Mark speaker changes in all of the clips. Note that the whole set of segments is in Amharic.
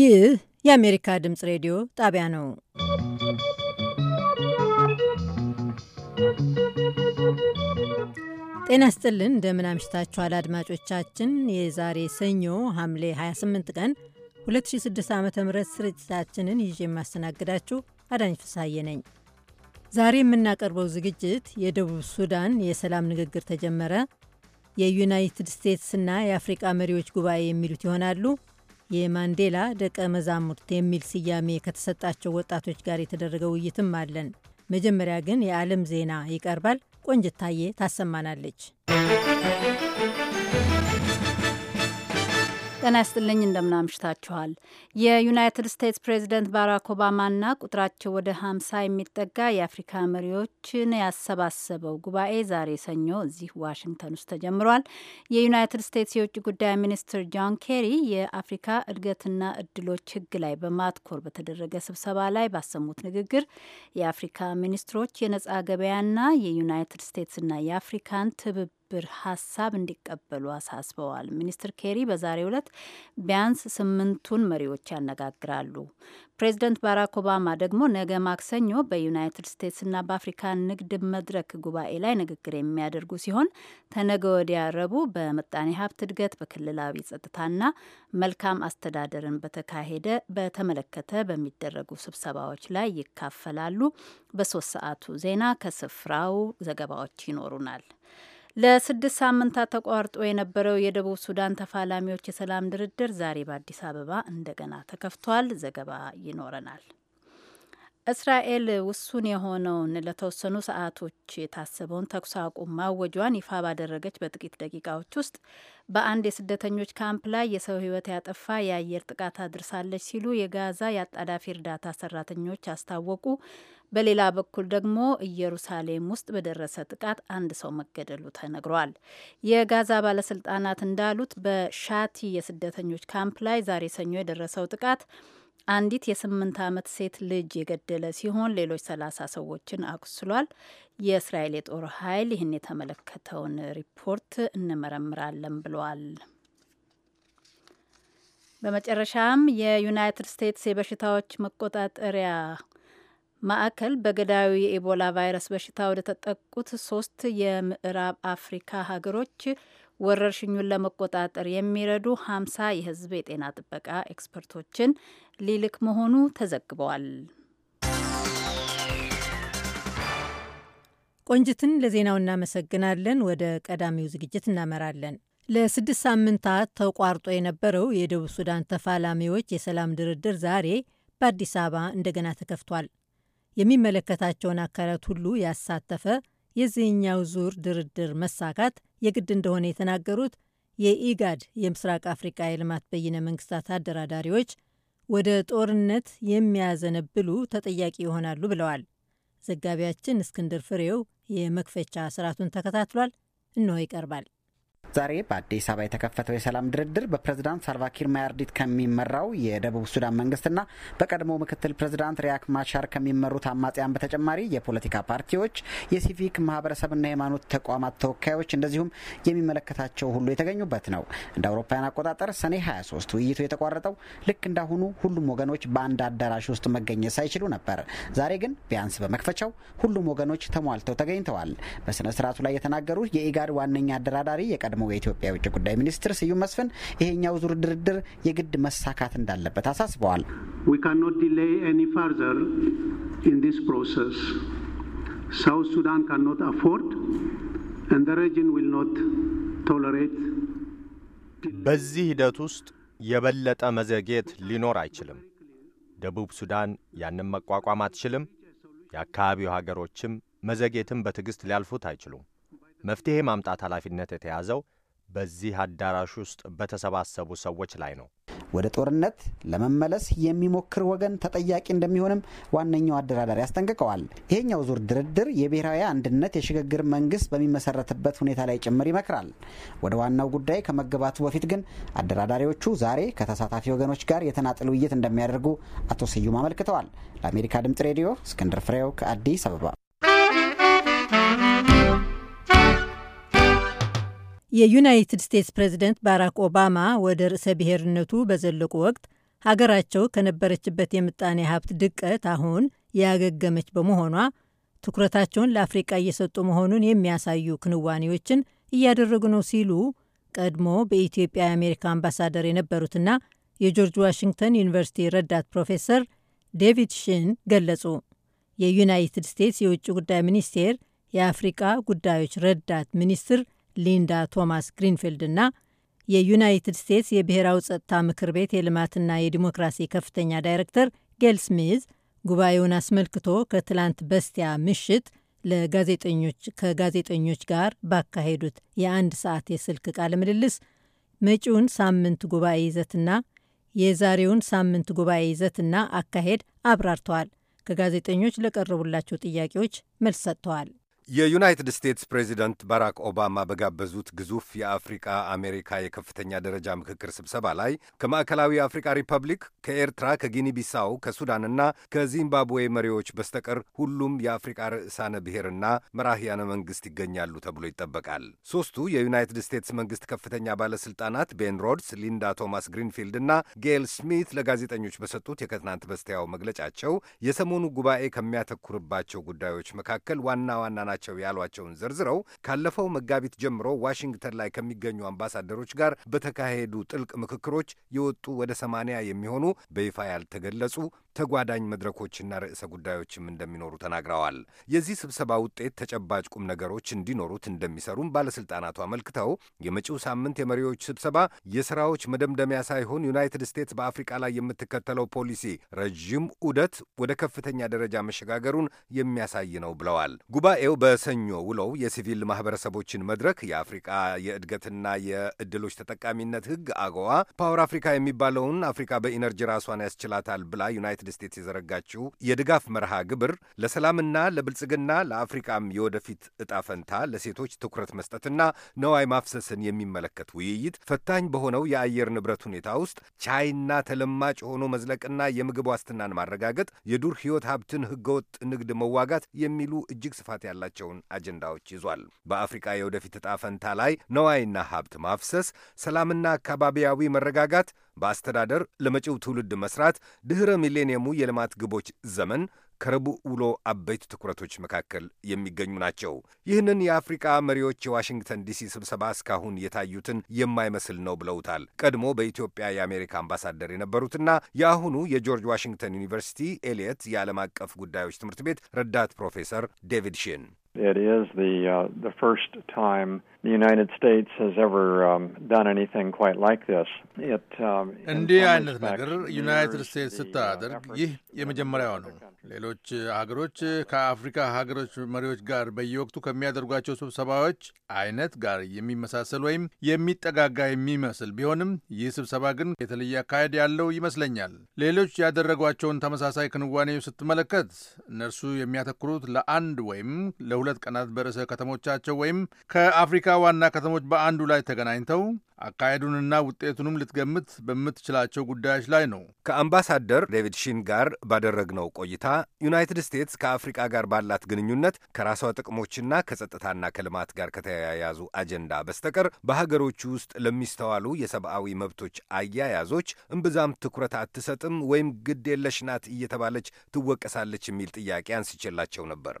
Speaker 1: ይህ የአሜሪካ ድምፅ ሬዲዮ ጣቢያ ነው። ጤና ስጥልን፣ እንደምን አምሽታችኋል አድማጮቻችን። የዛሬ ሰኞ ሐምሌ 28 ቀን 2006 ዓ ም ስርጭታችንን ይዤ የማስተናግዳችሁ አዳኝ ፍሳዬ ነኝ። ዛሬ የምናቀርበው ዝግጅት የደቡብ ሱዳን የሰላም ንግግር ተጀመረ፣ የዩናይትድ ስቴትስና የአፍሪቃ መሪዎች ጉባኤ የሚሉት ይሆናሉ። የማንዴላ ደቀ መዛሙርት የሚል ስያሜ ከተሰጣቸው ወጣቶች ጋር የተደረገ ውይይትም አለን። መጀመሪያ ግን የዓለም ዜና ይቀርባል። ቆንጅታዬ ታሰማናለች። ጤና ይስጥልኝ እንደምናምሽታችኋል።
Speaker 2: የዩናይትድ ስቴትስ ፕሬዚደንት ባራክ ኦባማና ቁጥራቸው ወደ ሀምሳ የሚጠጋ የአፍሪካ መሪዎችን ያሰባሰበው ጉባኤ ዛሬ ሰኞ እዚህ ዋሽንግተን ውስጥ ተጀምሯል። የዩናይትድ ስቴትስ የውጭ ጉዳይ ሚኒስትር ጆን ኬሪ የአፍሪካ እድገትና እድሎች ሕግ ላይ በማትኮር በተደረገ ስብሰባ ላይ ባሰሙት ንግግር የአፍሪካ ሚኒስትሮች የነጻ ገበያና የዩናይትድ ስቴትስና የአፍሪካን ትብብ የትብብር ሀሳብ እንዲቀበሉ አሳስበዋል። ሚኒስትር ኬሪ በዛሬው ዕለት ቢያንስ ስምንቱን መሪዎች ያነጋግራሉ። ፕሬዚደንት ባራክ ኦባማ ደግሞ ነገ ማክሰኞ በዩናይትድ ስቴትስና በአፍሪካ ንግድ መድረክ ጉባኤ ላይ ንግግር የሚያደርጉ ሲሆን ተነገ ወዲያ ረቡዕ በምጣኔ ሀብት እድገት በክልላዊ ጸጥታና መልካም አስተዳደርን በተካሄደ በተመለከተ በሚደረጉ ስብሰባዎች ላይ ይካፈላሉ። በሶስት ሰዓቱ ዜና ከስፍራው ዘገባዎች ይኖሩናል። ለስድስት ሳምንታት ተቋርጦ የነበረው የደቡብ ሱዳን ተፋላሚዎች የሰላም ድርድር ዛሬ በአዲስ አበባ እንደገና ተከፍቷል። ዘገባ ይኖረናል። እስራኤል ውሱን የሆነውን ለተወሰኑ ሰዓቶች የታሰበውን ተኩስ አቁም ማወጇን ይፋ ባደረገች በጥቂት ደቂቃዎች ውስጥ በአንድ የስደተኞች ካምፕ ላይ የሰው ሕይወት ያጠፋ የአየር ጥቃት አድርሳለች ሲሉ የጋዛ የአጣዳፊ እርዳታ ሰራተኞች አስታወቁ። በሌላ በኩል ደግሞ ኢየሩሳሌም ውስጥ በደረሰ ጥቃት አንድ ሰው መገደሉ ተነግሯል። የጋዛ ባለስልጣናት እንዳሉት በሻቲ የስደተኞች ካምፕ ላይ ዛሬ ሰኞ የደረሰው ጥቃት አንዲት የስምንት ዓመት ሴት ልጅ የገደለ ሲሆን ሌሎች ሰላሳ ሰዎችን አቁስሏል። የእስራኤል የጦር ኃይል ይህን የተመለከተውን ሪፖርት እንመረምራለን ብለዋል። በመጨረሻም የዩናይትድ ስቴትስ የበሽታዎች መቆጣጠሪያ ማዕከል በገዳዩ የኢቦላ ቫይረስ በሽታ ወደ ተጠቁት ሶስት የምዕራብ አፍሪካ ሀገሮች ወረርሽኙን ለመቆጣጠር የሚረዱ ሀምሳ የህዝብ የጤና ጥበቃ
Speaker 1: ኤክስፐርቶችን ሊልክ መሆኑ ተዘግበዋል። ቆንጅትን ለዜናው እናመሰግናለን። ወደ ቀዳሚው ዝግጅት እናመራለን። ለስድስት ሳምንታት ተቋርጦ የነበረው የደቡብ ሱዳን ተፋላሚዎች የሰላም ድርድር ዛሬ በአዲስ አበባ እንደገና ተከፍቷል። የሚመለከታቸውን አካላት ሁሉ ያሳተፈ የዚህኛው ዙር ድርድር መሳካት የግድ እንደሆነ የተናገሩት የኢጋድ የምስራቅ አፍሪቃ የልማት በይነ መንግስታት አደራዳሪዎች ወደ ጦርነት የሚያዘነብሉ ተጠያቂ ይሆናሉ ብለዋል። ዘጋቢያችን እስክንድር ፍሬው የመክፈቻ ስርዓቱን ተከታትሏል፣ እንሆ ይቀርባል።
Speaker 3: ዛሬ በአዲስ አበባ የተከፈተው የሰላም ድርድር በፕሬዝዳንት ሳልቫኪር ማያርዲት ከሚመራው የደቡብ ሱዳን መንግስትና በቀድሞ ምክትል ፕሬዝዳንት ሪያክ ማቻር ከሚመሩት አማጽያን በተጨማሪ የፖለቲካ ፓርቲዎች፣ የሲቪክ ማህበረሰብና የሃይማኖት ተቋማት ተወካዮች እንደዚሁም የሚመለከታቸው ሁሉ የተገኙበት ነው። እንደ አውሮፓውያን አቆጣጠር ሰኔ 23 ውይይቱ የተቋረጠው ልክ እንዳሁኑ ሁሉም ወገኖች በአንድ አዳራሽ ውስጥ መገኘት ሳይችሉ ነበር። ዛሬ ግን ቢያንስ በመክፈቻው ሁሉም ወገኖች ተሟልተው ተገኝተዋል። በስነ ስርዓቱ ላይ የተናገሩት የኢጋድ ዋነኛ አደራዳሪ የቀድ የቀድሞ የኢትዮጵያ የውጭ ጉዳይ ሚኒስትር ስዩም መስፍን ይሄኛው ዙር ድርድር የግድ መሳካት እንዳለበት አሳስበዋል።
Speaker 4: ሳውዝ ሱዳን ካኖት አፎርድ እንደ ሪጅን ዊል ኖት ቶለሬት በዚህ ሂደት ውስጥ የበለጠ መዘግየት ሊኖር አይችልም። ደቡብ ሱዳን ያንን መቋቋም አትችልም። የአካባቢው ሀገሮችም መዘግየትን በትዕግሥት ሊያልፉት አይችሉም። መፍትሔ ማምጣት ኃላፊነት የተያዘው በዚህ አዳራሽ ውስጥ በተሰባሰቡ ሰዎች ላይ ነው።
Speaker 3: ወደ ጦርነት ለመመለስ የሚሞክር ወገን ተጠያቂ እንደሚሆንም ዋነኛው አደራዳሪ አስጠንቅቀዋል። ይሄኛው ዙር ድርድር የብሔራዊ አንድነት የሽግግር መንግስት በሚመሰረትበት ሁኔታ ላይ ጭምር ይመክራል። ወደ ዋናው ጉዳይ ከመገባቱ በፊት ግን አደራዳሪዎቹ ዛሬ ከተሳታፊ ወገኖች ጋር የተናጠል ውይይት እንደሚያደርጉ አቶ ስዩም አመልክተዋል። ለአሜሪካ ድምጽ ሬዲዮ እስክንድር ፍሬው ከአዲስ አበባ
Speaker 1: የዩናይትድ ስቴትስ ፕሬዚደንት ባራክ ኦባማ ወደ ርዕሰ ብሔርነቱ በዘለቁ ወቅት ሀገራቸው ከነበረችበት የምጣኔ ሀብት ድቀት አሁን ያገገመች በመሆኗ ትኩረታቸውን ለአፍሪቃ እየሰጡ መሆኑን የሚያሳዩ ክንዋኔዎችን እያደረጉ ነው ሲሉ ቀድሞ በኢትዮጵያ የአሜሪካ አምባሳደር የነበሩትና የጆርጅ ዋሽንግተን ዩኒቨርሲቲ ረዳት ፕሮፌሰር ዴቪድ ሽን ገለጹ። የዩናይትድ ስቴትስ የውጭ ጉዳይ ሚኒስቴር የአፍሪቃ ጉዳዮች ረዳት ሚኒስትር ሊንዳ ቶማስ ግሪንፊልድ እና የዩናይትድ ስቴትስ የብሔራዊ ጸጥታ ምክር ቤት የልማትና የዲሞክራሲ ከፍተኛ ዳይሬክተር ጌል ስሚዝ ጉባኤውን አስመልክቶ ከትላንት በስቲያ ምሽት ለጋዜጠኞች ከጋዜጠኞች ጋር ባካሄዱት የአንድ ሰዓት የስልክ ቃለ ምልልስ መጪውን ሳምንት ጉባኤ ይዘትና የዛሬውን ሳምንት ጉባኤ ይዘትና አካሄድ አብራርተዋል። ከጋዜጠኞች ለቀረቡላቸው ጥያቄዎች መልስ ሰጥተዋል።
Speaker 5: የዩናይትድ ስቴትስ ፕሬዚደንት ባራክ ኦባማ በጋበዙት ግዙፍ የአፍሪካ አሜሪካ የከፍተኛ ደረጃ ምክክር ስብሰባ ላይ ከማዕከላዊ አፍሪቃ ሪፐብሊክ፣ ከኤርትራ፣ ከጊኒ ቢሳው፣ ከሱዳንና ከዚምባብዌ መሪዎች በስተቀር ሁሉም የአፍሪካ ርዕሳነ ብሔርና መራህያነ መንግስት ይገኛሉ ተብሎ ይጠበቃል። ሦስቱ የዩናይትድ ስቴትስ መንግስት ከፍተኛ ባለሥልጣናት ቤን ሮድስ፣ ሊንዳ ቶማስ ግሪንፊልድ እና ጌል ስሚት ለጋዜጠኞች በሰጡት የከትናንት በስቲያው መግለጫቸው የሰሞኑ ጉባኤ ከሚያተኩርባቸው ጉዳዮች መካከል ዋና ዋና ናቸው ናቸው ያሏቸውን ዘርዝረው ካለፈው መጋቢት ጀምሮ ዋሽንግተን ላይ ከሚገኙ አምባሳደሮች ጋር በተካሄዱ ጥልቅ ምክክሮች የወጡ ወደ ሰማንያ የሚሆኑ በይፋ ያልተገለጹ ተጓዳኝ መድረኮችና ርዕሰ ጉዳዮችም እንደሚኖሩ ተናግረዋል። የዚህ ስብሰባ ውጤት ተጨባጭ ቁም ነገሮች እንዲኖሩት እንደሚሰሩም ባለስልጣናቱ አመልክተው የመጪው ሳምንት የመሪዎች ስብሰባ የስራዎች መደምደሚያ ሳይሆን ዩናይትድ ስቴትስ በአፍሪቃ ላይ የምትከተለው ፖሊሲ ረዥም ዑደት ወደ ከፍተኛ ደረጃ መሸጋገሩን የሚያሳይ ነው ብለዋል። ጉባኤው በ በሰኞ ውለው የሲቪል ማህበረሰቦችን መድረክ የአፍሪቃ የእድገትና የእድሎች ተጠቃሚነት ህግ አገዋ ፓወር አፍሪካ የሚባለውን አፍሪካ በኢነርጂ ራሷን ያስችላታል ብላ ዩናይትድ ስቴትስ የዘረጋችው የድጋፍ መርሃ ግብር ለሰላምና ለብልጽግና ለአፍሪቃም የወደፊት እጣ ፈንታ ለሴቶች ትኩረት መስጠትና ነዋይ ማፍሰስን የሚመለከት ውይይት ፈታኝ በሆነው የአየር ንብረት ሁኔታ ውስጥ ቻይና ተለማጭ ሆኖ መዝለቅና የምግብ ዋስትናን ማረጋገጥ የዱር ህይወት ሀብትን ህገወጥ ንግድ መዋጋት የሚሉ እጅግ ስፋት ያላቸው ያሏቸውን አጀንዳዎች ይዟል። በአፍሪቃ የወደፊት እጣ ፈንታ ላይ ነዋይና ሀብት ማፍሰስ፣ ሰላምና አካባቢያዊ መረጋጋት፣ በአስተዳደር ለመጪው ትውልድ መስራት፣ ድኅረ ሚሌኒየሙ የልማት ግቦች ዘመን ከረቡዕ ውሎ አበይት ትኩረቶች መካከል የሚገኙ ናቸው። ይህንን የአፍሪቃ መሪዎች የዋሽንግተን ዲሲ ስብሰባ እስካሁን የታዩትን የማይመስል ነው ብለውታል። ቀድሞ በኢትዮጵያ የአሜሪካ አምባሳደር የነበሩትና የአሁኑ የጆርጅ ዋሽንግተን ዩኒቨርሲቲ ኤሊየት የዓለም አቀፍ ጉዳዮች ትምህርት ቤት ረዳት ፕሮፌሰር ዴቪድ ሺን
Speaker 1: It is the uh, the first time the United States has ever um, done anything quite like this. It
Speaker 6: um, እንዲህ አይነት ነገር ዩናይትድ ስቴትስ uh, ስታደርግ ይህ የመጀመሪያው ነው። ሌሎች uh, ሀገሮች ከአፍሪካ ሀገሮች መሪዎች ጋር በየወቅቱ ከሚያደርጓቸው ስብሰባዎች አይነት ጋር የሚመሳሰል ወይም የሚጠጋጋ የሚመስል ቢሆንም ይህ ስብሰባ ግን የተለየ አካሄድ ያለው ይመስለኛል። ሌሎች ያደረጓቸውን ተመሳሳይ ክንዋኔዎች ስትመለከት እነርሱ የሚያተኩሩት ለአንድ ወይም ለ ለሁለት ቀናት በርዕሰ ከተሞቻቸው ወይም ከአፍሪካ ዋና ከተሞች በአንዱ ላይ ተገናኝተው አካሄዱንና ውጤቱንም ልትገምት በምትችላቸው ጉዳዮች ላይ ነው። ከአምባሳደር ዴቪድ ሺን ጋር ባደረግነው ቆይታ ዩናይትድ ስቴትስ ከአፍሪቃ ጋር
Speaker 5: ባላት ግንኙነት ከራሷ ጥቅሞችና ከጸጥታና ከልማት ጋር ከተያያዙ አጀንዳ በስተቀር በሀገሮቹ ውስጥ ለሚስተዋሉ የሰብአዊ መብቶች አያያዞች እምብዛም ትኩረት አትሰጥም ወይም ግድ የለሽ ናት እየተባለች ትወቀሳለች የሚል ጥያቄ አንስቼላቸው
Speaker 6: ነበር።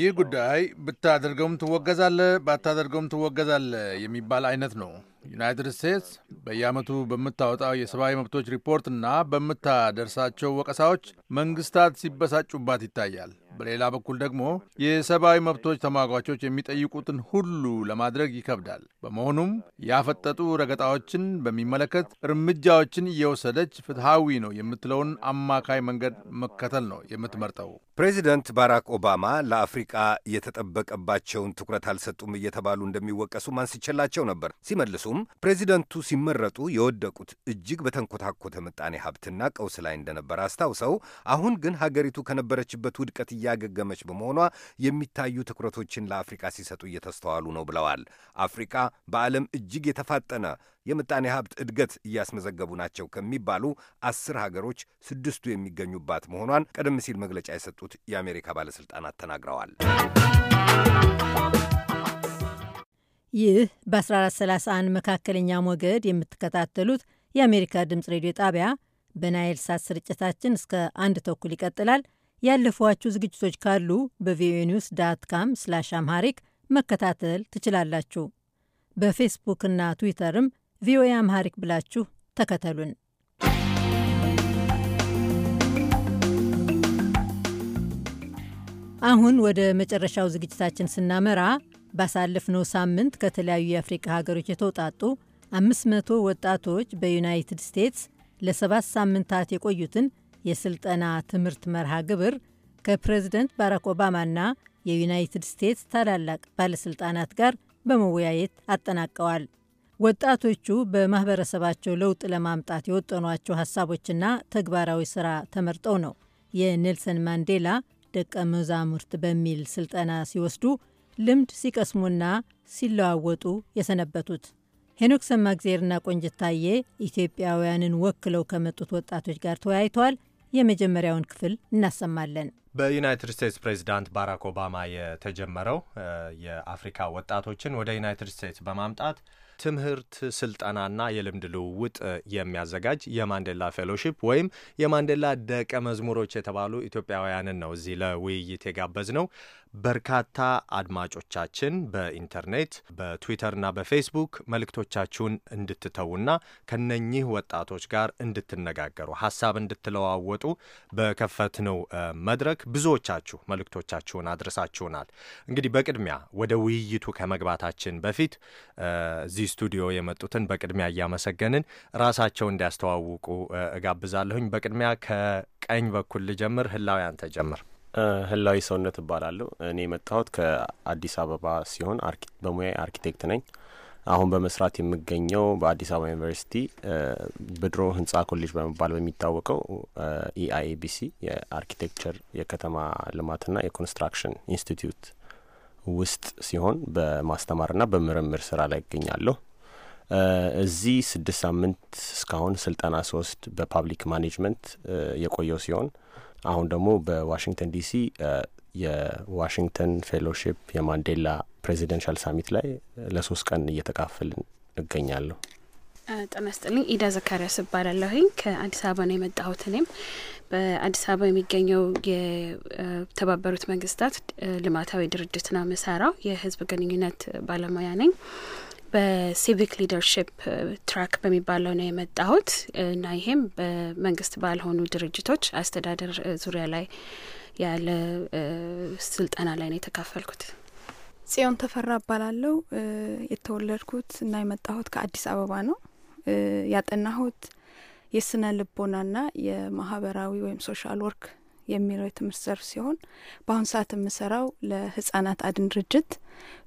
Speaker 6: ይህ ጉዳይ ብታደርገውም ትወገዛለህ፣ ባታደርገውም ትወገዛለህ የሚባል አይነት ነው። ዩናይትድ ስቴትስ በየዓመቱ በምታወጣው የሰብአዊ መብቶች ሪፖርትና በምታደርሳቸው ወቀሳዎች መንግስታት ሲበሳጩባት ይታያል። በሌላ በኩል ደግሞ የሰብአዊ መብቶች ተሟጓቾች የሚጠይቁትን ሁሉ ለማድረግ ይከብዳል። በመሆኑም ያፈጠጡ ረገጣዎችን በሚመለከት እርምጃዎችን እየወሰደች ፍትሐዊ ነው የምትለውን አማካይ መንገድ መከተል ነው የምትመርጠው። ፕሬዚደንት
Speaker 5: ባራክ ኦባማ ለአፍሪቃ የተጠበቀባቸውን ትኩረት አልሰጡም እየተባሉ እንደሚወቀሱ ማንስቼላቸው ነበር። ሲመልሱ ሆኖም ፕሬዚደንቱ ሲመረጡ የወደቁት እጅግ በተንኮታኮተ ምጣኔ ሀብትና ቀውስ ላይ እንደነበረ አስታውሰው አሁን ግን ሀገሪቱ ከነበረችበት ውድቀት እያገገመች በመሆኗ የሚታዩ ትኩረቶችን ለአፍሪቃ ሲሰጡ እየተስተዋሉ ነው ብለዋል። አፍሪቃ በዓለም እጅግ የተፋጠነ የምጣኔ ሀብት እድገት እያስመዘገቡ ናቸው ከሚባሉ አስር ሀገሮች ስድስቱ የሚገኙባት መሆኗን ቀደም ሲል መግለጫ የሰጡት የአሜሪካ ባለሥልጣናት ተናግረዋል።
Speaker 1: ይህ በ1431 መካከለኛ ሞገድ የምትከታተሉት የአሜሪካ ድምፅ ሬዲዮ ጣቢያ በናይል ሳት ስርጭታችን እስከ አንድ ተኩል ይቀጥላል። ያለፏችሁ ዝግጅቶች ካሉ በቪኦኤ ኒውስ ዳት ካም ስላሽ አምሃሪክ መከታተል ትችላላችሁ። በፌስቡክና ትዊተርም ቪኦኤ አምሃሪክ ብላችሁ ተከተሉን። አሁን ወደ መጨረሻው ዝግጅታችን ስናመራ ባሳለፍነው ሳምንት ከተለያዩ የአፍሪካ ሀገሮች የተውጣጡ 500 ወጣቶች በዩናይትድ ስቴትስ ለሰባት ሳምንታት የቆዩትን የስልጠና ትምህርት መርሃ ግብር ከፕሬዝደንት ባራክ ኦባማና የዩናይትድ ስቴትስ ታላላቅ ባለሥልጣናት ጋር በመወያየት አጠናቀዋል። ወጣቶቹ በማኅበረሰባቸው ለውጥ ለማምጣት የወጠኗቸው ሐሳቦችና ተግባራዊ ሥራ ተመርጠው ነው የኔልሰን ማንዴላ ደቀ መዛሙርት በሚል ስልጠና ሲወስዱ ልምድ ሲቀስሙና ሲለዋወጡ የሰነበቱት። ሄኖክ ሰማግዜርና ቆንጅታዬ ኢትዮጵያውያንን ወክለው ከመጡት ወጣቶች ጋር ተወያይተዋል። የመጀመሪያውን ክፍል እናሰማለን።
Speaker 4: በዩናይትድ ስቴትስ ፕሬዚዳንት ባራክ ኦባማ የተጀመረው የአፍሪካ ወጣቶችን ወደ ዩናይትድ ስቴትስ በማምጣት ትምህርት፣ ስልጠናና የልምድ ልውውጥ የሚያዘጋጅ የማንዴላ ፌሎሺፕ ወይም የማንዴላ ደቀ መዝሙሮች የተባሉ ኢትዮጵያውያንን ነው እዚህ ለውይይት የጋበዝ ነው። በርካታ አድማጮቻችን በኢንተርኔት በትዊተርና በፌስቡክ መልእክቶቻችሁን እንድትተዉና ከነኚህ ወጣቶች ጋር እንድትነጋገሩ ሀሳብ እንድትለዋወጡ በከፈትነው መድረክ ብዙዎቻችሁ መልእክቶቻችሁን አድርሳችሁናል። እንግዲህ በቅድሚያ ወደ ውይይቱ ከመግባታችን በፊት እዚህ ስቱዲዮ የመጡትን በቅድሚያ እያመሰገንን ራሳቸው እንዲያስተዋውቁ እጋብዛለሁኝ። በቅድሚያ ከቀኝ በኩል ልጀምር። ህላዊ አንተ ጀምር። ህላዊ ሰውነት እባላለሁ። እኔ የመጣሁት ከአዲስ አበባ ሲሆን በሙያ አርኪቴክት ነኝ። አሁን በመስራት የምገኘው በአዲስ አበባ ዩኒቨርሲቲ በድሮ ህንጻ ኮሌጅ በመባል በሚታወቀው ኢአይኤቢሲ e የአርኪቴክቸር የከተማ ልማትና የኮንስትራክሽን ኢንስቲትዩት ውስጥ ሲሆን በማስተማርና በምርምር ስራ ላይ ይገኛለሁ። እዚህ ስድስት ሳምንት እስካሁን ስልጠና ሶስት በፓብሊክ ማኔጅመንት የቆየው ሲሆን አሁን ደግሞ በዋሽንግተን ዲሲ የዋሽንግተን ፌሎሺፕ የማንዴላ ፕሬዚደንሻል ሳሚት ላይ ለሶስት ቀን እየተካፈልን እገኛለሁ።
Speaker 7: ጥነስጥልኝ ኢዳ ዘካሪያስ እባላለሁኝ ከአዲስ አበባ ነው የመጣሁት። እኔም በአዲስ አበባ የሚገኘው የተባበሩት መንግስታት ልማታዊ ድርጅት ነው የምሰራው። የህዝብ ግንኙነት ባለሙያ ነኝ። በሲቪክ ሊደርሽፕ ትራክ በሚባለው ነው የመጣሁት እና ይሄም በመንግስት ባልሆኑ ድርጅቶች አስተዳደር ዙሪያ ላይ ያለ ስልጠና ላይ ነው የተካፈልኩት። ጽዮን ተፈራ እባላለሁ።
Speaker 8: የተወለድኩት እና የመጣሁት ከአዲስ አበባ ነው። ያጠናሁት የስነ ልቦናና የማህበራዊ ወይም ሶሻል ወርክ የሚለው የትምህርት ዘርፍ ሲሆን በአሁኑ ሰዓት የምሰራው ለህጻናት አድን ድርጅት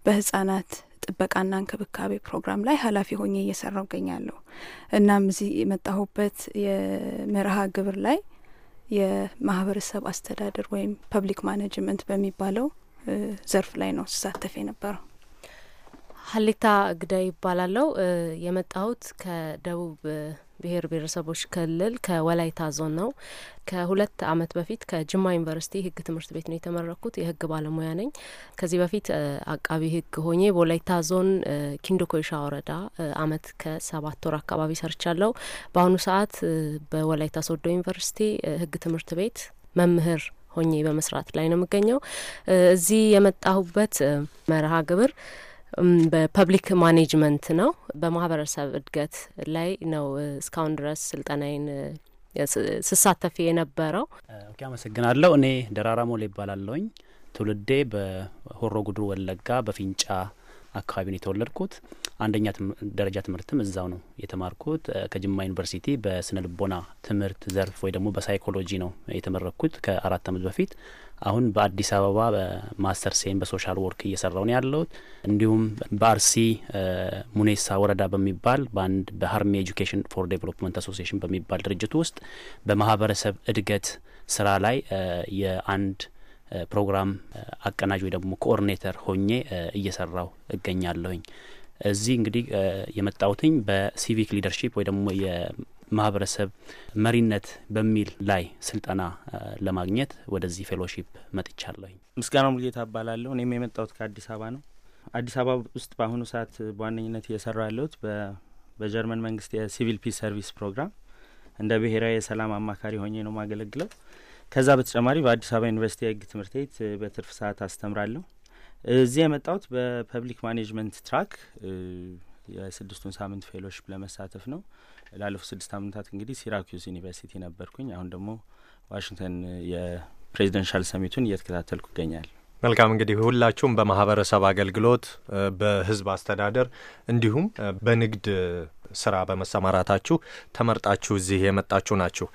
Speaker 8: በህጻናት ጥበቃና እንክብካቤ ፕሮግራም ላይ ኃላፊ ሆኜ እየሰራው እገኛለሁ። እናም እዚህ የመጣሁበት የመርሃ ግብር ላይ የማህበረሰብ አስተዳደር ወይም ፐብሊክ ማኔጅመንት በሚባለው ዘርፍ ላይ ነው ስሳተፍ የነበረው።
Speaker 9: ሀሌታ ግዳይ ይባላለው። የመጣሁት ከደቡብ ብሔር ብሔረሰቦች ክልል ከወላይታ ዞን ነው። ከሁለት አመት በፊት ከጅማ ዩኒቨርሲቲ ህግ ትምህርት ቤት ነው የተመረኩት። የህግ ባለሙያ ነኝ። ከዚህ በፊት አቃቢ ህግ ሆኜ በወላይታ ዞን ኪንዶ ኮይሻ ወረዳ አመት ከሰባት ወር አካባቢ ሰርቻለሁ። በአሁኑ ሰዓት በወላይታ ሶዶ ዩኒቨርሲቲ ህግ ትምህርት ቤት መምህር ሆኜ በመስራት ላይ ነው የምገኘው። እዚህ የመጣሁበት መርሃ ግብር በፐብሊክ ማኔጅመንት ነው። በማህበረሰብ እድገት ላይ ነው እስካሁን ድረስ ስልጠናዬን ስሳተፍ የነበረው።
Speaker 10: ኦኬ፣ አመሰግናለሁ። እኔ ደራራ ሞላ ይባላለሁኝ። ትውልዴ በሆሮ ጉድሩ ወለጋ በፊንጫ አካባቢ ነው የተወለድኩት። አንደኛ ደረጃ ትምህርትም እዛው ነው የተማርኩት። ከጅማ ዩኒቨርሲቲ በስነ ልቦና ትምህርት ዘርፍ ወይ ደግሞ በሳይኮሎጂ ነው የተመረኩት ከአራት ዓመት በፊት። አሁን በአዲስ አበባ በማስተር ሴን በሶሻል ወርክ እየሰራው ነው ያለሁት። እንዲሁም በአርሲ ሙኔሳ ወረዳ በሚባል በአንድ በሀርሚ ኤጁኬሽን ፎር ዴቨሎፕመንት አሶሲሽን በሚባል ድርጅት ውስጥ በማህበረሰብ እድገት ስራ ላይ የአንድ ፕሮግራም አቀናጅ ወይ ደግሞ ኮኦርዲኔተር ሆኜ እየሰራው እገኛለሁኝ። እዚህ እንግዲህ የመጣውትኝ በሲቪክ ሊደርሺፕ ወይ ደግሞ የማህበረሰብ መሪነት በሚል ላይ ስልጠና ለማግኘት ወደዚህ ፌሎሺፕ መጥቻለሁኝ።
Speaker 11: ምስጋና ሙልጌታ እባላለሁ። እኔም የመጣሁት ከአዲስ አበባ ነው። አዲስ አበባ ውስጥ በአሁኑ ሰዓት በዋነኝነት እየሰራ ያለሁት በጀርመን መንግስት የሲቪል ፒስ ሰርቪስ ፕሮግራም እንደ ብሔራዊ የሰላም አማካሪ ሆኜ ነው ማገለግለው። ከዛ በተጨማሪ በአዲስ አበባ ዩኒቨርሲቲ የህግ ትምህርት ቤት በትርፍ ሰዓት አስተምራለሁ። እዚህ የመጣሁት በፐብሊክ ማኔጅመንት ትራክ የስድስቱን ሳምንት ፌሎሽፕ ለመሳተፍ ነው። ላለፉት ስድስት ሳምንታት እንግዲህ ሲራኪዩስ ዩኒቨርሲቲ ነበርኩኝ። አሁን ደግሞ ዋሽንግተን የፕሬዚደንሻል ሰሚቱን እየተከታተልኩ
Speaker 4: ይገኛል። መልካም እንግዲህ ሁላችሁም በማህበረሰብ አገልግሎት፣ በህዝብ አስተዳደር እንዲሁም በንግድ ስራ በመሰማራታችሁ ተመርጣችሁ እዚህ የመጣችሁ ናችሁ።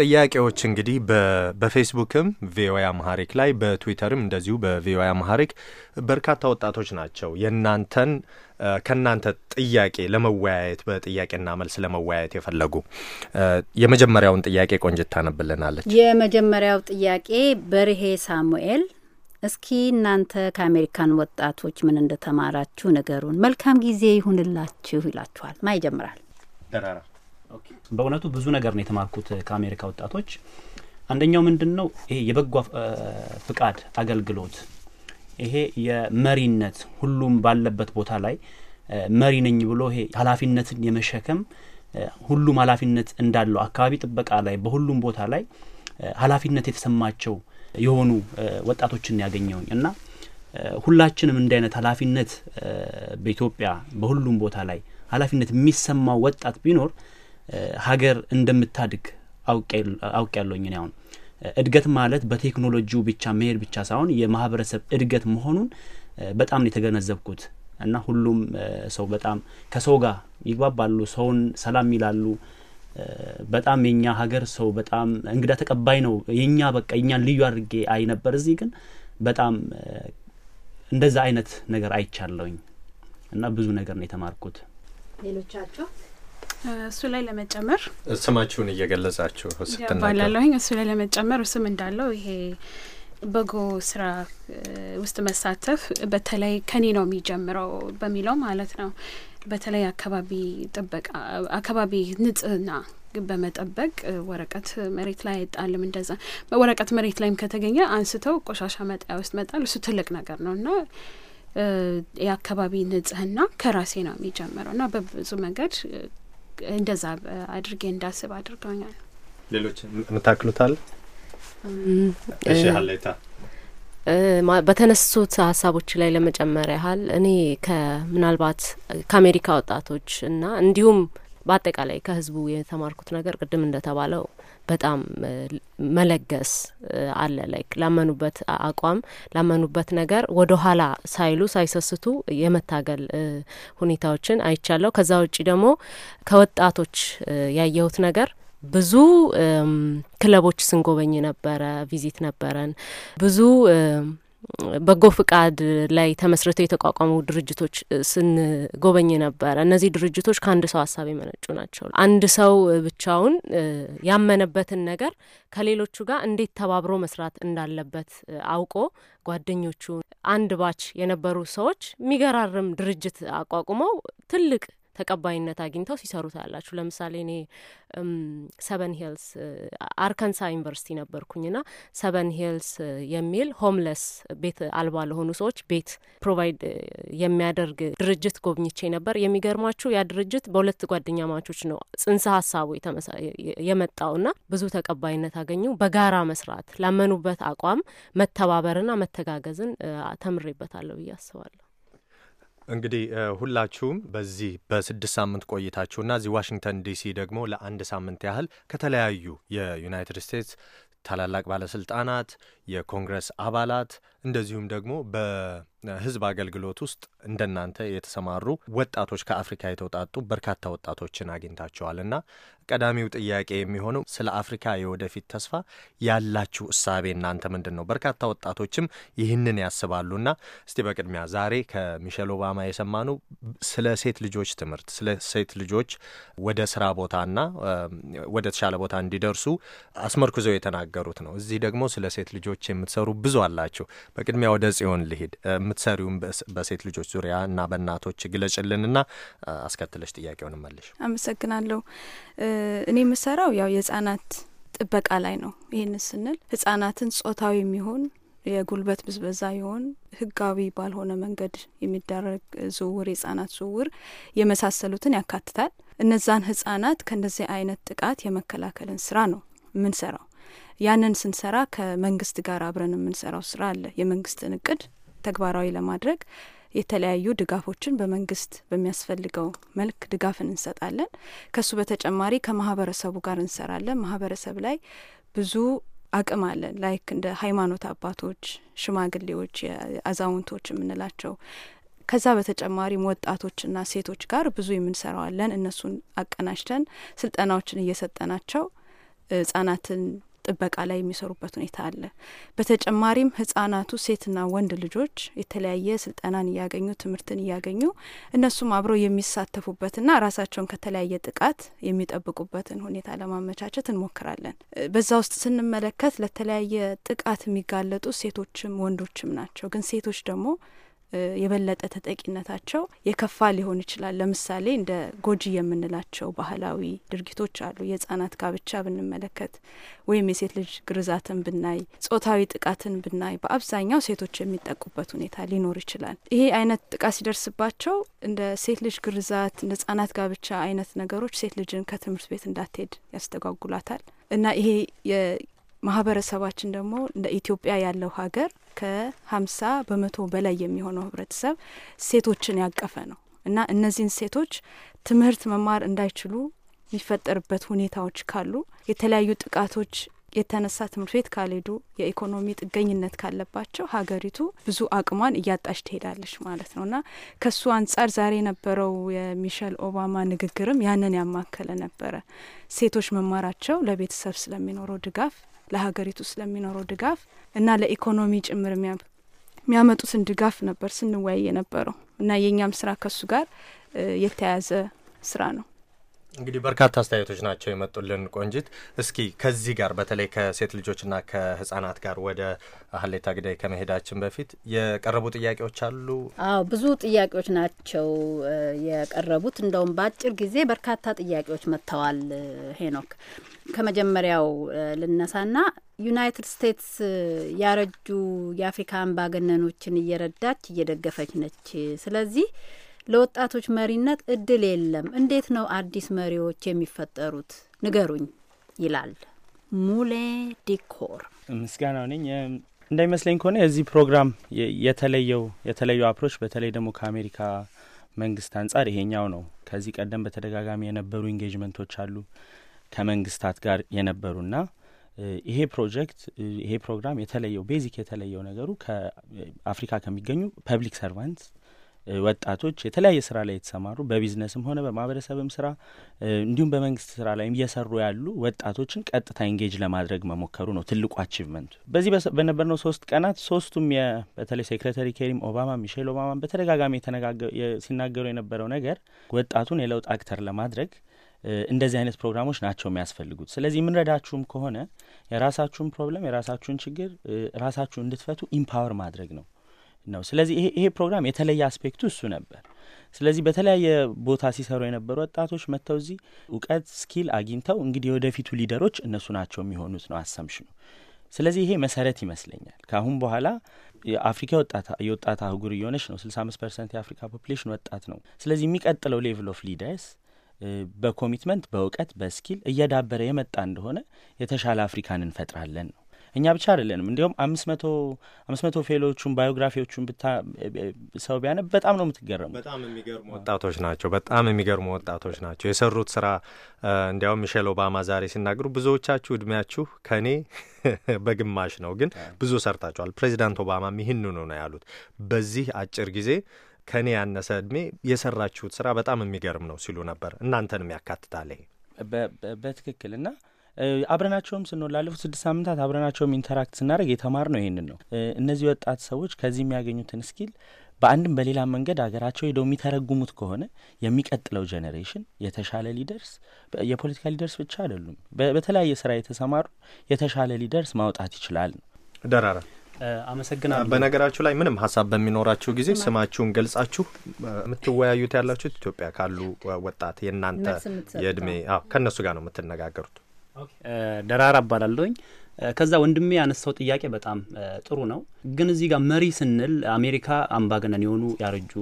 Speaker 4: ጥያቄዎች እንግዲህ በፌስቡክም ቪኦኤ አማሐሪክ ላይ በትዊተርም እንደዚሁ በቪኦኤ አማሐሪክ በርካታ ወጣቶች ናቸው የእናንተን ከእናንተ ጥያቄ ለመወያየት በጥያቄና መልስ ለመወያየት የፈለጉ። የመጀመሪያውን ጥያቄ ቆንጅት ታነብልናለች።
Speaker 2: የመጀመሪያው ጥያቄ በርሄ ሳሙኤል እስኪ እናንተ ከአሜሪካን ወጣቶች ምን እንደተማራችሁ ነገሩን። መልካም ጊዜ ይሁንላችሁ ይላችኋል። ማ ይጀምራል?
Speaker 10: ደራራ። በእውነቱ ብዙ ነገር ነው የተማርኩት ከአሜሪካ ወጣቶች። አንደኛው ምንድን ነው ይሄ የበጎ ፍቃድ አገልግሎት፣ ይሄ የመሪነት ሁሉም ባለበት ቦታ ላይ መሪ ነኝ ብሎ ይሄ ኃላፊነትን የመሸከም ሁሉም ኃላፊነት እንዳለው አካባቢ ጥበቃ ላይ በሁሉም ቦታ ላይ ኃላፊነት የተሰማቸው የሆኑ ወጣቶችን ያገኘውኝ እና ሁላችንም እንዲህ አይነት ኃላፊነት በኢትዮጵያ በሁሉም ቦታ ላይ ኃላፊነት የሚሰማው ወጣት ቢኖር ሀገር እንደምታድግ አውቅ ያለውኝ እኔ እድገት ማለት በቴክኖሎጂው ብቻ መሄድ ብቻ ሳይሆን የማህበረሰብ እድገት መሆኑን በጣም ነው የተገነዘብኩት እና ሁሉም ሰው በጣም ከሰው ጋር ይግባባሉ፣ ሰውን ሰላም ይላሉ። በጣም የኛ ሀገር ሰው በጣም እንግዳ ተቀባይ ነው። የኛ በቃ የኛን ልዩ አድርጌ አይ ነበር። እዚህ ግን በጣም እንደዛ አይነት ነገር አይቻለውኝ እና ብዙ ነገር ነው
Speaker 4: የተማርኩት።
Speaker 7: ሌሎቻቸው እሱ ላይ ለመጨመር ስማችሁን እየገለጻችሁ ስትናገባላለሁኝ እሱ ላይ ለመጨመር ስም እንዳለው ይሄ በጎ ስራ ውስጥ መሳተፍ በተለይ ከኔ ነው የሚጀምረው በሚለው ማለት ነው። በተለይ አካባቢ ጥበቃ፣ አካባቢ ንጽህና በመጠበቅ ወረቀት መሬት ላይ አይጣልም። እንደዛ ወረቀት መሬት ላይም ከተገኘ አንስተው ቆሻሻ መጣያ ውስጥ መጣል እሱ ትልቅ ነገር ነው እና የአካባቢ ንጽህና ከራሴ ነው የሚጀምረው እና በብዙ መንገድ እንደዛ አድርጌ እንዳስብ አድርገውኛል።
Speaker 4: ሌሎች ምታክሉታል?
Speaker 9: እሺ ሀሌታ በተነሱት ሀሳቦች ላይ ለመጨመር ያህል እኔ ከምናልባት ከአሜሪካ ወጣቶች እና እንዲሁም በአጠቃላይ ከህዝቡ የተማርኩት ነገር ቅድም እንደተባለው በጣም መለገስ አለ። ላይክ ላመኑበት አቋም ላመኑበት ነገር ወደ ኋላ ሳይሉ ሳይሰስቱ የመታገል ሁኔታዎችን አይቻለሁ። ከዛ ውጭ ደግሞ ከወጣቶች ያየሁት ነገር ብዙ ክለቦች ስንጎበኝ ነበረ፣ ቪዚት ነበረን። ብዙ በጎ ፍቃድ ላይ ተመስርተው የተቋቋሙ ድርጅቶች ስንጎበኝ ነበረ። እነዚህ ድርጅቶች ከአንድ ሰው ሀሳብ የመነጩ ናቸው። አንድ ሰው ብቻውን ያመነበትን ነገር ከሌሎቹ ጋር እንዴት ተባብሮ መስራት እንዳለበት አውቆ ጓደኞቹ አንድ ባች የነበሩ ሰዎች የሚገራርም ድርጅት አቋቁመው ትልቅ ተቀባይነት አግኝተው ሲሰሩ ታያላችሁ። ለምሳሌ እኔ ሰበን ሂልስ አርከንሳ ዩኒቨርሲቲ ነበርኩኝና ሰቨን ሂልስ የሚል ሆምለስ ቤት አልባ ለሆኑ ሰዎች ቤት ፕሮቫይድ የሚያደርግ ድርጅት ጎብኝቼ ነበር። የሚገርማችሁ ያ ድርጅት በሁለት ጓደኛ ማቾች ነው ጽንሰ ሀሳቡ የመጣውና ብዙ ተቀባይነት አገኙ። በጋራ መስራት፣ ላመኑበት አቋም መተባበርና መተጋገዝን ተምሬበታለሁ ብዬ አስባለሁ።
Speaker 4: እንግዲህ ሁላችሁም በዚህ በስድስት ሳምንት ቆይታችሁና እዚህ ዋሽንግተን ዲሲ ደግሞ ለአንድ ሳምንት ያህል ከተለያዩ የዩናይትድ ስቴትስ ታላላቅ ባለስልጣናት፣ የኮንግረስ አባላት እንደዚሁም ደግሞ በህዝብ አገልግሎት ውስጥ እንደናንተ የተሰማሩ ወጣቶች ከአፍሪካ የተውጣጡ በርካታ ወጣቶችን አግኝታቸዋል እና ቀዳሚው ጥያቄ የሚሆነው ስለ አፍሪካ የወደፊት ተስፋ ያላችሁ እሳቤ እናንተ ምንድን ነው? በርካታ ወጣቶችም ይህንን ያስባሉና እስቲ በቅድሚያ ዛሬ ከሚሸል ኦባማ የሰማነው ስለ ሴት ልጆች ትምህርት፣ ስለ ሴት ልጆች ወደ ስራ ቦታና ወደ ተሻለ ቦታ እንዲደርሱ አስመርኩዘው የተናገሩት ነው። እዚህ ደግሞ ስለ ሴት ልጆች የምትሰሩ ብዙ አላችሁ። በቅድሚያ ወደ ጽዮን ልሂድ። የምትሰሪውም በሴት ልጆች ዙሪያ እና በእናቶች ግለጭልንና አስከትለች ጥያቄውን መልሽ።
Speaker 8: አመሰግናለሁ። እኔ የምሰራው ያው የህጻናት ጥበቃ ላይ ነው። ይህን ስንል ህጻናትን ጾታዊ የሚሆን የጉልበት ብዝበዛ ይሆን ህጋዊ ባልሆነ መንገድ የሚደረግ ዝውውር፣ የህጻናት ዝውውር የመሳሰሉትን ያካትታል። እነዛን ህጻናት ከእንደዚህ አይነት ጥቃት የመከላከልን ስራ ነው የምንሰራው። ያንን ስንሰራ ከመንግስት ጋር አብረን የምንሰራው ስራ አለ። የመንግስትን እቅድ ተግባራዊ ለማድረግ የተለያዩ ድጋፎችን በመንግስት በሚያስፈልገው መልክ ድጋፍን እንሰጣለን። ከሱ በተጨማሪ ከማህበረሰቡ ጋር እንሰራለን። ማህበረሰብ ላይ ብዙ አቅም አለን። ላይክ እንደ ሃይማኖት አባቶች፣ ሽማግሌዎች፣ አዛውንቶች የምንላቸው ከዛ በተጨማሪም ወጣቶችና ሴቶች ጋር ብዙ የምንሰራዋለን። እነሱን አቀናጅተን ስልጠናዎችን እየሰጠናቸው ህጻናትን ጥበቃ ላይ የሚሰሩበት ሁኔታ አለ። በተጨማሪም ህጻናቱ ሴትና ወንድ ልጆች የተለያየ ስልጠናን እያገኙ ትምህርትን እያገኙ እነሱም አብረው የሚሳተፉበትና ራሳቸውን ከተለያየ ጥቃት የሚጠብቁበትን ሁኔታ ለማመቻቸት እንሞክራለን። በዛ ውስጥ ስንመለከት ለተለያየ ጥቃት የሚጋለጡ ሴቶችም ወንዶችም ናቸው። ግን ሴቶች ደግሞ የበለጠ ተጠቂነታቸው የከፋ ሊሆን ይችላል። ለምሳሌ እንደ ጎጂ የምንላቸው ባህላዊ ድርጊቶች አሉ። የህጻናት ጋብቻ ብንመለከት ወይም የሴት ልጅ ግርዛትን ብናይ፣ ጾታዊ ጥቃትን ብናይ በአብዛኛው ሴቶች የሚጠቁበት ሁኔታ ሊኖር ይችላል። ይሄ አይነት ጥቃት ሲደርስባቸው እንደ ሴት ልጅ ግርዛት፣ እንደ ህጻናት ጋብቻ አይነት ነገሮች ሴት ልጅን ከትምህርት ቤት እንዳትሄድ ያስተጓጉላታል እና ይሄ ማህበረሰባችን ደግሞ እንደ ኢትዮጵያ ያለው ሀገር ከሀምሳ በመቶ በላይ የሚሆነው ህብረተሰብ ሴቶችን ያቀፈ ነው እና እነዚህን ሴቶች ትምህርት መማር እንዳይችሉ የሚፈጠርበት ሁኔታዎች ካሉ የተለያዩ ጥቃቶች የተነሳ ትምህርት ቤት ካልሄዱ የኢኮኖሚ ጥገኝነት ካለባቸው ሀገሪቱ ብዙ አቅሟን እያጣች ትሄዳለች ማለት ነው እና ከሱ አንጻር ዛሬ የነበረው የሚሸል ኦባማ ንግግርም ያንን ያማከለ ነበረ። ሴቶች መማራቸው ለቤተሰብ ስለሚኖረው ድጋፍ ለሀገሪቱ ስለሚኖረው ድጋፍ እና ለኢኮኖሚ ጭምር የሚያመጡትን ድጋፍ ነበር ስንወያይ የነበረው እና የእኛም ስራ ከሱ ጋር የተያያዘ ስራ ነው።
Speaker 4: እንግዲህ በርካታ አስተያየቶች ናቸው የመጡልን። ቆንጂት፣ እስኪ ከዚህ ጋር በተለይ ከሴት ልጆችና ከህጻናት ጋር ወደ ሀሌታ ግዳይ ከመሄዳችን በፊት የቀረቡ ጥያቄዎች አሉ?
Speaker 2: አዎ ብዙ ጥያቄዎች ናቸው የቀረቡት። እንደውም በአጭር ጊዜ በርካታ ጥያቄዎች መጥተዋል። ሄኖክ፣ ከመጀመሪያው ልነሳና ዩናይትድ ስቴትስ ያረጁ የአፍሪካ አምባገነኖችን እየረዳች እየደገፈች ነች። ስለዚህ ለወጣቶች መሪነት እድል የለም። እንዴት ነው አዲስ መሪዎች የሚፈጠሩት? ንገሩኝ ይላል ሙሌ ዲኮር።
Speaker 11: ምስጋናው ነኝ። እንዳይመስለኝ ከሆነ የዚህ ፕሮግራም የተለየው የተለዩ አፕሮች በተለይ ደግሞ ከአሜሪካ መንግስት አንጻር ይሄኛው ነው። ከዚህ ቀደም በተደጋጋሚ የነበሩ ኢንጌጅመንቶች አሉ ከመንግስታት ጋር የነበሩና ይሄ ፕሮጀክት ይሄ ፕሮግራም የተለየው ቤዚክ የተለየው ነገሩ ከአፍሪካ ከሚገኙ ፐብሊክ ሰርቫንት ወጣቶች የተለያየ ስራ ላይ የተሰማሩ በቢዝነስም ሆነ በማህበረሰብም ስራ እንዲሁም በመንግስት ስራ ላይም እየሰሩ ያሉ ወጣቶችን ቀጥታ ኢንጌጅ ለማድረግ መሞከሩ ነው ትልቁ አቺቭመንቱ። በዚህ በነበርነው ሶስት ቀናት ሶስቱም በተለይ ሴክሬታሪ ኬሪም ኦባማ፣ ሚሼል ኦባማ በተደጋጋሚ ሲናገሩ የነበረው ነገር ወጣቱን የለውጥ አክተር ለማድረግ እንደዚህ አይነት ፕሮግራሞች ናቸው የሚያስፈልጉት። ስለዚህ የምንረዳችሁም ከሆነ የራሳችሁን ፕሮብለም የራሳችሁን ችግር ራሳችሁ እንድትፈቱ ኢምፓወር ማድረግ ነው ነው። ስለዚህ ይሄ ፕሮግራም የተለየ አስፔክቱ እሱ ነበር። ስለዚህ በተለያየ ቦታ ሲሰሩ የነበሩ ወጣቶች መጥተው እዚህ እውቀት ስኪል አግኝተው እንግዲህ የወደፊቱ ሊደሮች እነሱ ናቸው የሚሆኑት ነው አሰምሽኑ። ስለዚህ ይሄ መሰረት ይመስለኛል። ከአሁን በኋላ የአፍሪካ ወጣት የወጣት አህጉር እየሆነች ነው። ስልሳ አምስት ፐርሰንት የአፍሪካ ፖፕሌሽን ወጣት ነው። ስለዚህ የሚቀጥለው ሌቭል ኦፍ ሊደርስ በኮሚትመንት በእውቀት በስኪል እየዳበረ የመጣ እንደሆነ የተሻለ አፍሪካን እንፈጥራለን ነው እኛ ብቻ አይደለንም። እንዲሁም አምስት መቶ አምስት መቶ ፌሎቹን ባዮግራፊዎቹን ሰው ቢያነ
Speaker 4: በጣም ነው የምትገረሙ። በጣም የሚገርሙ ወጣቶች ናቸው። በጣም የሚገርሙ ወጣቶች ናቸው የሰሩት ስራ። እንዲያውም ሚሼል ኦባማ ዛሬ ሲናገሩ ብዙዎቻችሁ እድሜያችሁ ከእኔ በግማሽ ነው፣ ግን ብዙ ሰርታችኋል። ፕሬዚዳንት ኦባማ ይህንኑ ነው ያሉት። በዚህ አጭር ጊዜ ከእኔ ያነሰ እድሜ የሰራችሁት ስራ በጣም የሚገርም ነው ሲሉ ነበር። እናንተንም ያካትታል ይሄ በትክክል እና
Speaker 11: አብረናቸውም ስንሆን ላለፉት ስድስት ሳምንታት አብረናቸውም ኢንተራክት ስናደርግ የተማር ነው ይህንን ነው። እነዚህ ወጣት ሰዎች ከዚህ የሚያገኙትን ስኪል በአንድም በሌላ መንገድ ሀገራቸው ሄደው የሚተረጉሙት ከሆነ የሚቀጥለው ጀኔሬሽን የተሻለ ሊደርስ የፖለቲካ ሊደርስ ብቻ አይደሉም፣ በተለያየ ስራ
Speaker 4: የተሰማሩ የተሻለ ሊደርስ ማውጣት ይችላል ነው። ደራራ
Speaker 10: አመሰግናለሁ። በነገራችሁ
Speaker 4: ላይ ምንም ሀሳብ በሚኖራችሁ ጊዜ ስማችሁን ገልጻችሁ የምትወያዩት ያላችሁት ኢትዮጵያ ካሉ ወጣት የእናንተ የእድሜ ከእነሱ ጋር ነው የምትነጋገሩት።
Speaker 10: ደራራ እባላለሁኝ። ከዛ ወንድሜ ያነሳው ጥያቄ በጣም ጥሩ ነው። ግን እዚህ ጋር መሪ ስንል አሜሪካ አምባገነን የሆኑ ያረጁ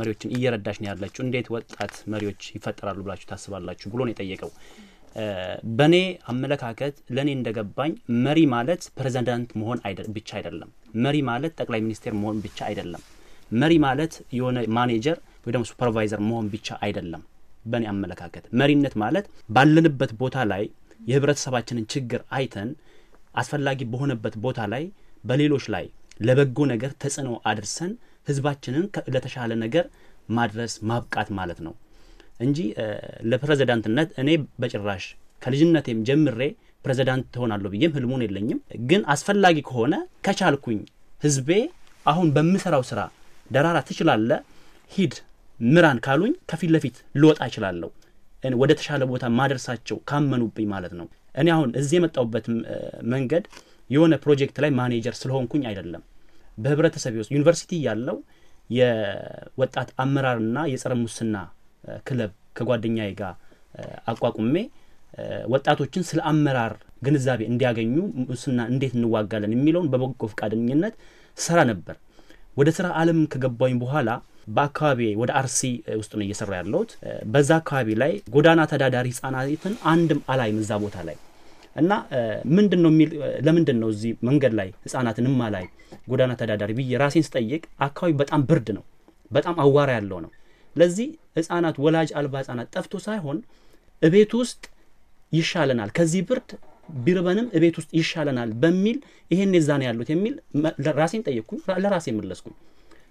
Speaker 10: መሪዎችን እየረዳች ነው ያለችው፣ እንዴት ወጣት መሪዎች ይፈጠራሉ ብላችሁ ታስባላችሁ ብሎ ነው የጠየቀው። በእኔ አመለካከት ለእኔ እንደገባኝ መሪ ማለት ፕሬዚዳንት መሆን ብቻ አይደለም። መሪ ማለት ጠቅላይ ሚኒስቴር መሆን ብቻ አይደለም። መሪ ማለት የሆነ ማኔጀር ወይ ደግሞ ሱፐርቫይዘር መሆን ብቻ አይደለም። በእኔ አመለካከት መሪነት ማለት ባለንበት ቦታ ላይ የህብረተሰባችንን ችግር አይተን አስፈላጊ በሆነበት ቦታ ላይ በሌሎች ላይ ለበጎ ነገር ተጽዕኖ አድርሰን ህዝባችንን ለተሻለ ነገር ማድረስ ማብቃት ማለት ነው እንጂ ለፕሬዚዳንትነት እኔ በጭራሽ ከልጅነቴም ጀምሬ ፕሬዚዳንት ትሆናለሁ ብዬም ህልሙን የለኝም። ግን አስፈላጊ ከሆነ ከቻልኩኝ ህዝቤ አሁን በምሰራው ስራ ደራራ ትችላለ ሂድ ምራን ካሉኝ ከፊት ለፊት ልወጣ እችላለሁ። ወደ ተሻለ ቦታ ማደርሳቸው ካመኑብኝ ማለት ነው። እኔ አሁን እዚህ የመጣውበት መንገድ የሆነ ፕሮጀክት ላይ ማኔጀር ስለሆንኩኝ አይደለም። በህብረተሰብ ውስጥ ዩኒቨርሲቲ ያለው የወጣት አመራርና የጸረ ሙስና ክለብ ከጓደኛ ጋር አቋቁሜ ወጣቶችን ስለ አመራር ግንዛቤ እንዲያገኙ ሙስና እንዴት እንዋጋለን የሚለውን በበጎ ፈቃደኝነት ሰራ ነበር። ወደ ስራ አለም ከገባኝ በኋላ በአካባቢ ወደ አርሲ ውስጥ ነው እየሰራ ያለሁት። በዛ አካባቢ ላይ ጎዳና ተዳዳሪ ህጻናትን አንድም አላይም እዛ ቦታ ላይ እና ምንድን ነው የሚል ለምንድን ነው እዚህ መንገድ ላይ ህጻናትን ማላይ ጎዳና ተዳዳሪ ብዬ ራሴን ስጠይቅ አካባቢ በጣም ብርድ ነው፣ በጣም አዋራ ያለው ነው። ለዚህ ህጻናት ወላጅ አልባ ህጻናት ጠፍቶ ሳይሆን እቤት ውስጥ ይሻለናል ከዚህ ብርድ ቢርበንም እቤት ውስጥ ይሻለናል በሚል ይሄን የዛን ያሉት የሚል ራሴን ጠየቅኩኝ፣ ለራሴ መለስኩኝ።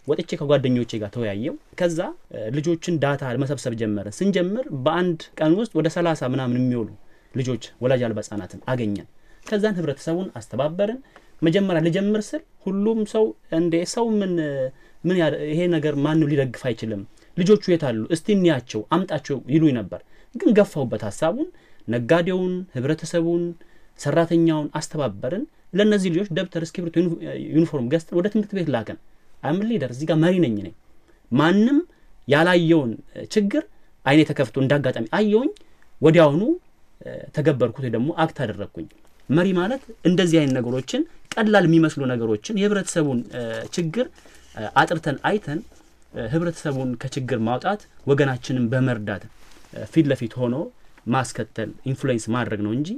Speaker 10: ወጥቼ ከጓደኞቼ ጋር ተወያየው። ከዛ ልጆችን ዳታ መሰብሰብ ጀመረ። ስንጀምር በአንድ ቀን ውስጥ ወደ ሰላሳ ምናምን የሚውሉ ልጆች ወላጅ አልባ ህጻናትን አገኘን። ከዛን ህብረተሰቡን አስተባበርን። መጀመሪያ ልጀምር ስል ሁሉም ሰው እንዴ ሰው ምን ምን ይሄ ነገር ማንም ሊደግፍ አይችልም፣ ልጆቹ የት አሉ? እስቲ እንያቸው፣ አምጣቸው ይሉኝ ነበር። ግን ገፋውበት ሀሳቡን። ነጋዴውን፣ ህብረተሰቡን፣ ሰራተኛውን አስተባበርን። ለእነዚህ ልጆች ደብተር፣ እስክሪብቶ፣ ዩኒፎርም ገዝተን ወደ ትምህርት ቤት ላከን። አም ሊደር እዚህ ጋር መሪ ነኝ ነኝ ማንም ያላየውን ችግር አይኔ ተከፍቶ እንዳጋጣሚ አየውኝ ወዲያውኑ ተገበርኩት ደግሞ አክት አደረግኩኝ። መሪ ማለት እንደዚህ አይነት ነገሮችን ቀላል የሚመስሉ ነገሮችን የህብረተሰቡን ችግር አጥርተን አይተን ህብረተሰቡን ከችግር ማውጣት ወገናችንን በመርዳት ፊት ለፊት ሆኖ ማስከተል ኢንፍሉዌንስ ማድረግ ነው እንጂ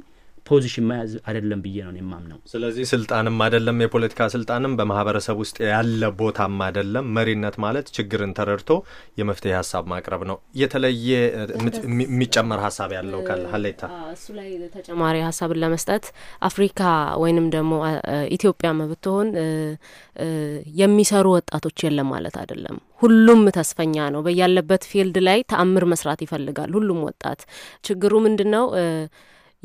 Speaker 10: ፖዚሽን መያዝ አይደለም ብዬ ነው የማምነው።
Speaker 4: ስለዚህ ስልጣንም አይደለም የፖለቲካ ስልጣንም በማህበረሰብ ውስጥ ያለ ቦታም አይደለም። መሪነት ማለት ችግርን ተረድቶ የመፍትሄ ሀሳብ ማቅረብ ነው። የተለየ የሚጨመር ሀሳብ ያለው ካለ ሀሌታ
Speaker 9: እሱ ላይ ተጨማሪ ሀሳብን ለመስጠት አፍሪካ ወይንም ደግሞ ኢትዮጵያም ብትሆን የሚሰሩ ወጣቶች የለም ማለት አይደለም። ሁሉም ተስፈኛ ነው። በያለበት ፊልድ ላይ ተአምር መስራት ይፈልጋል ሁሉም ወጣት። ችግሩ ምንድን ነው?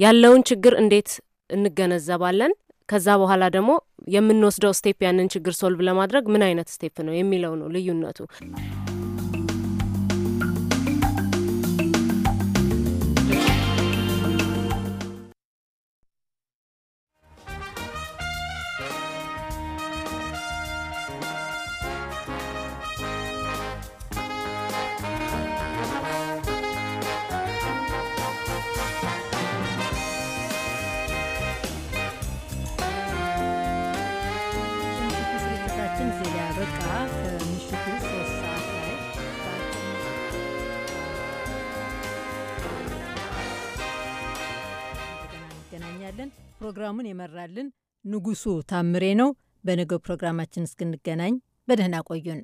Speaker 9: ያለውን ችግር እንዴት እንገነዘባለን ከዛ በኋላ ደግሞ የምንወስደው ስቴፕ ያንን ችግር ሶልቭ ለማድረግ ምን አይነት ስቴፕ ነው የሚለው ነው ልዩነቱ።
Speaker 1: እናመሰግናለን። ፕሮግራሙን የመራልን ንጉሱ ታምሬ ነው። በነገው ፕሮግራማችን እስክንገናኝ በደህና ቆዩን።